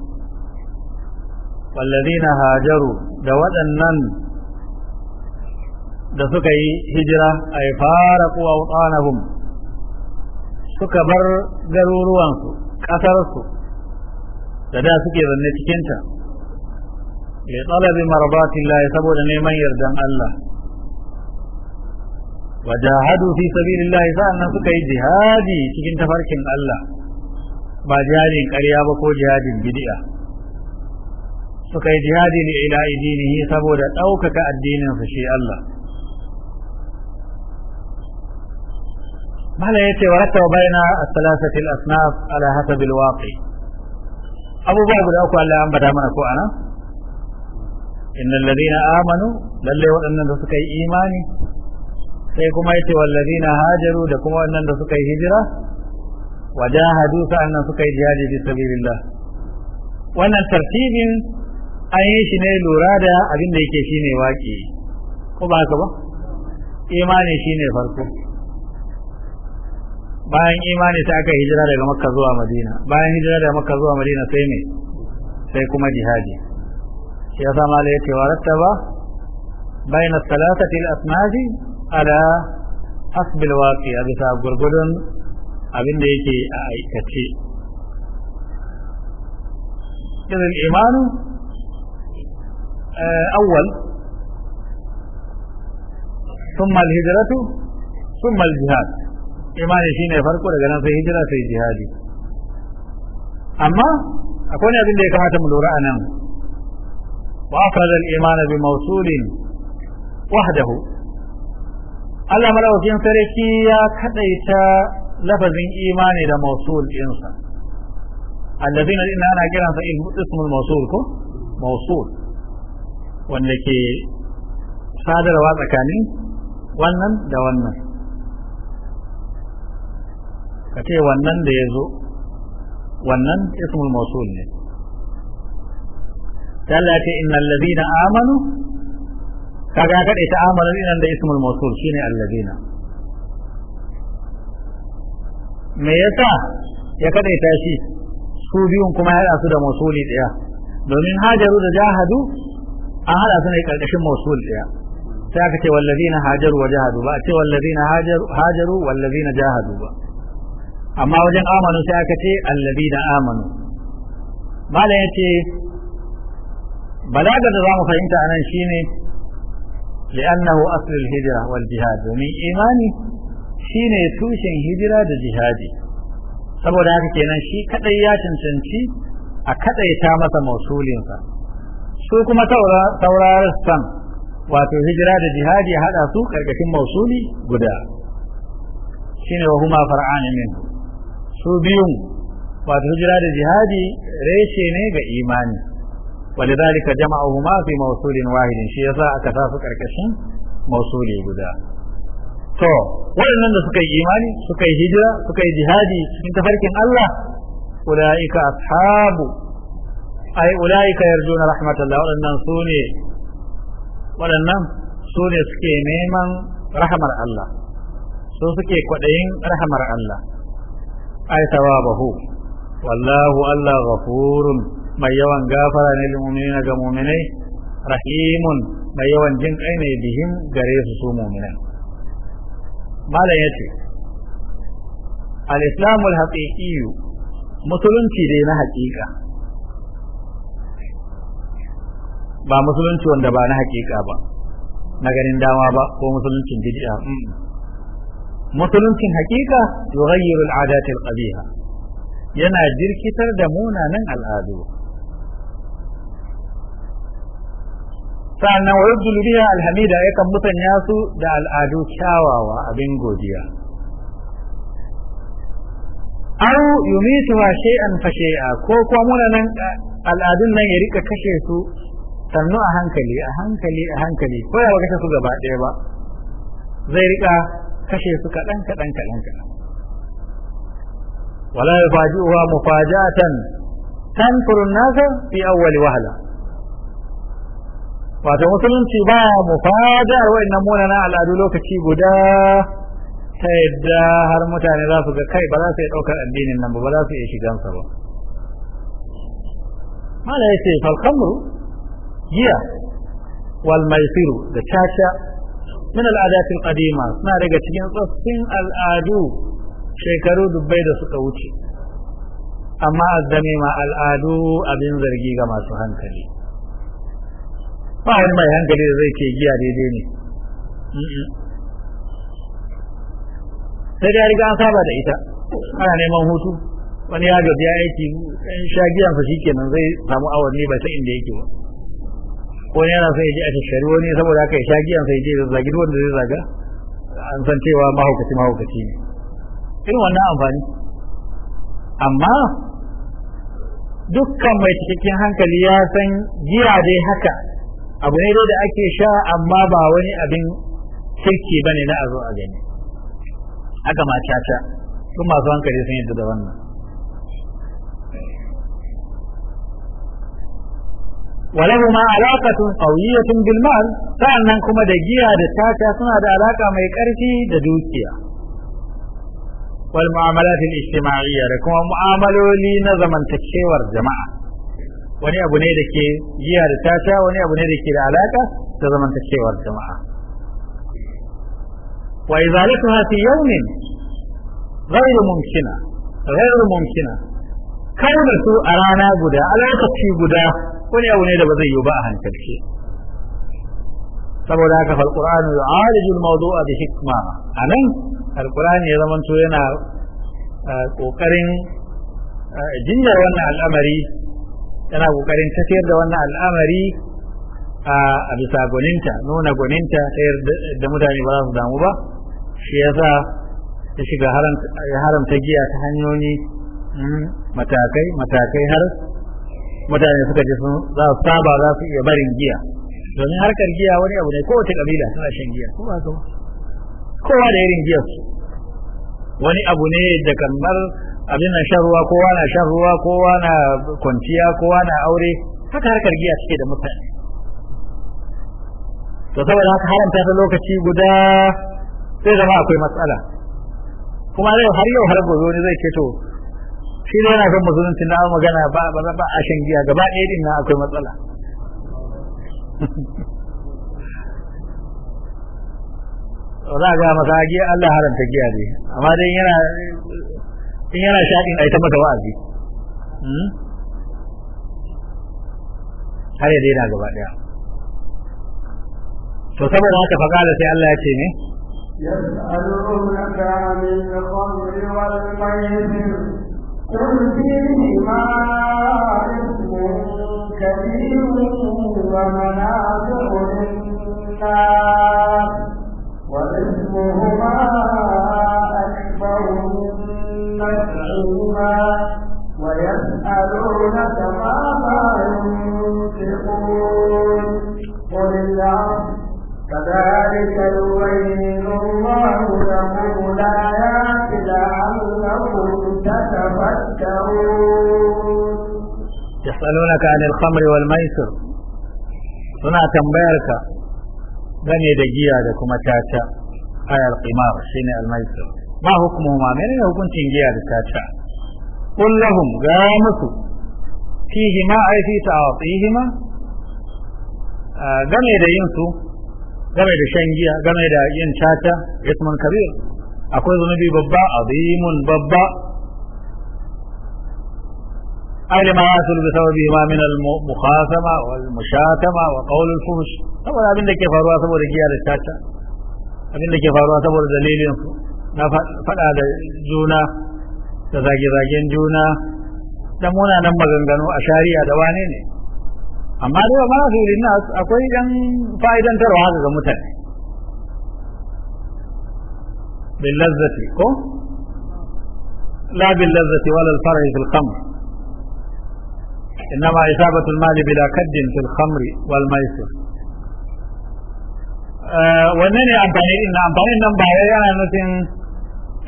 walladina hajaru da waɗannan da suka yi hijira ay fara kuwa suka bar garuruwansu ƙasarsu da da suke zanne cikin ta li talabi marbatillah saboda neman yardan Allah wajahadu fi sabilillah sa'annan suka yi jihadi cikin tafarkin Allah ba jihadin ƙarya ba ko jihadin bid'a suka yi jihadi li ilahi dinihi saboda ɗaukaka addinin su shi Allah mala yace wa rattaba baina as-salasati al-asnaf ala hasabil waqi' abubuwa guda uku Allah ya ambata mana ko anan innal ladina amanu lalle waɗannan da suka yi imani sai kuma yace wal ladina hajaru da kuma waɗannan da suka yi hijira wajahadu annan suka yi jihadi fi sabilillah wannan tartibin an yi shi ne lura da abin da yake shine waki ko ba ka ba imani shine farko bayan imani sai aka hijira daga makka zuwa madina bayan hijira daga makka zuwa madina sai ne sai kuma jihadi shi ya zama da yake warattaba bayan salatati al-asnafi ala asbil waqi a bisa gurgudun abin da yake a aikace irin imanu awwal thumma al-hijratu thumma al الجهاد imani ne farko daga nan sai hijira sai jihadi amma akwai ne abin da ya kamata mu lura anan wa afrad al iman bi mawsulin wahdahu Allah malawakin sarki ya kadaita lafazin imani da mawsul insa allazina inna ana kiran kiransa ismul mawsul ko mawsul wanda ke sadarwa tsakanin wannan da wannan ka ce wannan da ya zo wannan ismul mausul ne Allah ce innal ladina amanu kaga kada ita amanu inan da ismul mausul shine alladina me yasa ya kada ita shi su biyun kuma ya su da mausuli daya domin hajaru da jahadu an hada su ne karkashin mausul daya sai aka ce wallazina hajaru wa jahadu ba a ce wallazina hajaru wallazina jahadu ba amma wajen amanu sai aka ce allabi da amanu malam ya ce balagar da za mu fahimta anan shine li'annahu aslul hijira wal jihad domin imani shine tushen hijira da jihadi saboda haka kenan shi kadai ya cancanci a kadaita masa mausulinsa su kuma taurarsan wato hijira da jihadi haɗa su ƙarƙashin mausuli guda shine wa huma far'ani minhu su biyun wato hijira da jihadi reshe ne ga imani ولذلك جمعهما في mausulin واحد shi yasa aka sa su karkashin mausuli guda to waɗannan da suka yi imani suka yi hijira suka yi jihadi cikin tafarkin Allah ulaika ashabu ai ulaika yarjuna rahmatullah waɗannan su ne waɗannan su ne suke neman rahamar Allah su suke kwaɗayin rahamar Allah ay bahu, wallahu allah ghafurun mai yawan gafara ne lil mu'minina ga mu'minai rahimun mai yawan jin kai ne bihim gare su su mu'minai malam yace al-islamu al-haqiqi musulunci dai na haqiqa ba musulunci wanda ba na haqiqa ba na ganin dama ba ko musuluncin bid'a musuluncin hakika yughayyiru al'adati al-qabiha yana jirkitar da munanan al'adu sannan wa yubdul biha alhamida yakan musanya su da al'adu kyawawa abin godiya aw yumitu wa shay'an fa shay'a ko kuma munanan al'adun nan ya rika kashe su sannu a hankali a hankali a hankali ko ya ga su gaba ɗaya ba zai rika kashe su kaɗan kaɗan kaɗan kaɗan wala yufaji'uha tan tanfuru nasa fi awwali wahala wato musulunci ba mufajar wa'annan na al'adu lokaci guda ta yadda har mutane za su ga kai ba za su iya ɗaukar addinin nan ba ba za su iya shigansa ba ya ce falkamru jiya wal maisiru da caca min al'adatin qadima suna daga cikin tsoffin al'adu shekaru dubbai da suka wuce amma azzame ma al'adu abin zargi ga masu hankali ba wani mai hankali da zai ke giya daidai ne sai da riga an saba da ita ana neman hutu wani ya gaji ya aiki in sha giyan fa shikenan zai samu awanni ba ta inda yake ba wani yana sai je a shashari wani saboda haka ya sha giyan sai je zagi duk wanda zai zaga an san cewa mahaukaci mahaukaci ne irin wannan amfani amma dukkan mai cikakken hankali ya san giya dai haka abu ne dai da ake sha amma ba wani abin kirki ne na a zo a gani haka ma caca kuma masu hankali sun yadda da wannan ولهما علاقة قوية بالمال فأنن كما دجيا دتاتا سنة علاقة ما يكرفي دوكيا والمعاملات الاجتماعية لكم معاملو لي نظما تكشور جماعة wani abu ne da ke jiya da tata wani abu ne da ke da alaka da zamantakewar jama'a wa izalatuha fi yawmin ghayr mumkina ghayr mumkina kai da su a rana guda a lokaci guda wani abu ne da ba zai yiwu ba a hankalce saboda haka alqur'anu yu'aliju al-mawdu'a bi hikma anan alqur'ani ya zamanto yana kokarin jinja wannan al'amari yana kokarin tafiyar da wannan al'amari a bisa gwaninta nuna gwaninta ta da mutane ba za su damu ba shi yasa ya shiga haramta giya ta hanyoyi hmm, matakai matakai har mutane suka ji sun za su saba za su iya barin giya domin harkar giya wani abu ne kowace kabila suna shan giya kuma kowa da irin giya su wani abu ne da kamar abin na shan ruwa kowa na shan ruwa kowa na kwanciya kowa na aure haka harkar giya suke da mutane to saboda haka haramta ta lokaci guda sai zama akwai matsala kuma har yau har gobe wani zai ce to shi ne yana son musulunci na magana ba ba ba a shan giya gaba ɗaya din na akwai matsala za ga masa giya Allah haramta giya ne amma dai in yana shaɗin ai mata wa'azi hmm? har ya daina gaba ɗaya to saboda haka fa sai Allah ya ce ne يسألونك عن الخمر والميسر قل فيهما إثم كبير ومنافع للناس وإثمهما أكبر من نفعهما ويسألونك ماذا ينفقون قل العفو كذلك يبين الله لكم الآيات لعلكم تتفكرون يسألونك عن الخمر والميسر suna tambayarka game da giya da kuma caca ayar qimar shine almaisir ma hukumu ma menene hukuncin giya da caca qul lahum ga musu fihi ma ai fi ta'atihima game da yin su game da shan giya game da yin tata ismun kabir akwai zunubi babba azimun babba أهل ما يصل بسببهما من المخاصمة والمشاتمة وقول الفوش هو أبن لك فاروا سبور جيال التاتا أبن لك فاروا سبور دليل فلا جونا تزاجي زاجين جونا da munanan maganganu a shari'a da wane ne amma dai su yi na akwai yan fa'idantarwa haka ga mutane bil lazzati ko la bil lazzati wala al farhi fil khamr إنما إصابة المال kaddin كد wal الخمر والميسر eh, wanne ne amfani din na amfani nan ba ya yana nufin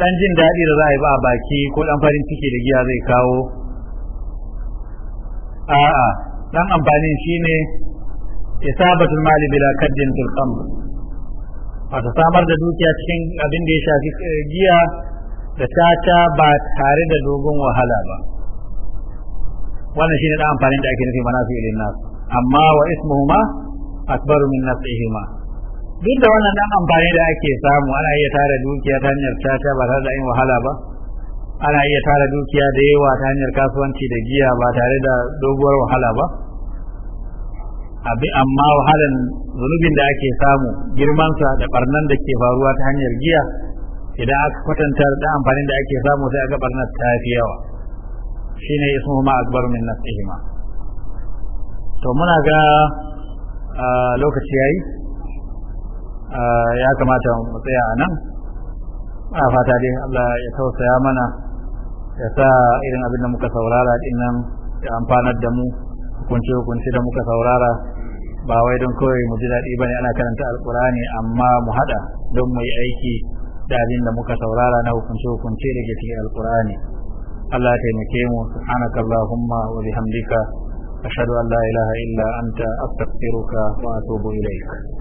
dan jin daɗi da za a yi ba a baki ko dan farin ciki da giya zai kawo a'a dan amfanin shi ne isabatul mali bila kaddin fil khamr wato samar da dukiya cikin abin da ya shafi eh, giya da tata ba tare da dogon wahala ba wannan shine dan amfanin da ake nufi manafi ilin nas amma wa ismuhuma akbaru min nafihima duk da wannan dan amfani da ake samu ana iya tara dukiya ta hanyar tata ba tare da yin wahala ba ana iya tara dukiya da yawa ta hanyar kasuwanci da giya ba tare da doguwar wahala ba abin amma wahalan zunubin da ake samu girmansa da barnan da ke faruwa ta hanyar giya idan aka kwatanta da amfanin da ake samu sai aga barnar ta fi yawa shine ma akbar min nafsihima to muna ga lokaci yayi ya kamata mu tsaya a nan a fata dai Allah ya tausaya mana ya sa irin abin da muka saurara din nan ya amfanar da mu hukunci hukunci da muka saurara ba wai don kawai mu ji daɗi ba ne ana karanta alkurani amma mu haɗa don mu yi aiki da abin da muka saurara na hukunci hukunci da ke cikin alkurani Allah ya taimake mu subhanaka allahumma wa bihamdika ashhadu an la ilaha illa anta astaghfiruka wa atubu ilaik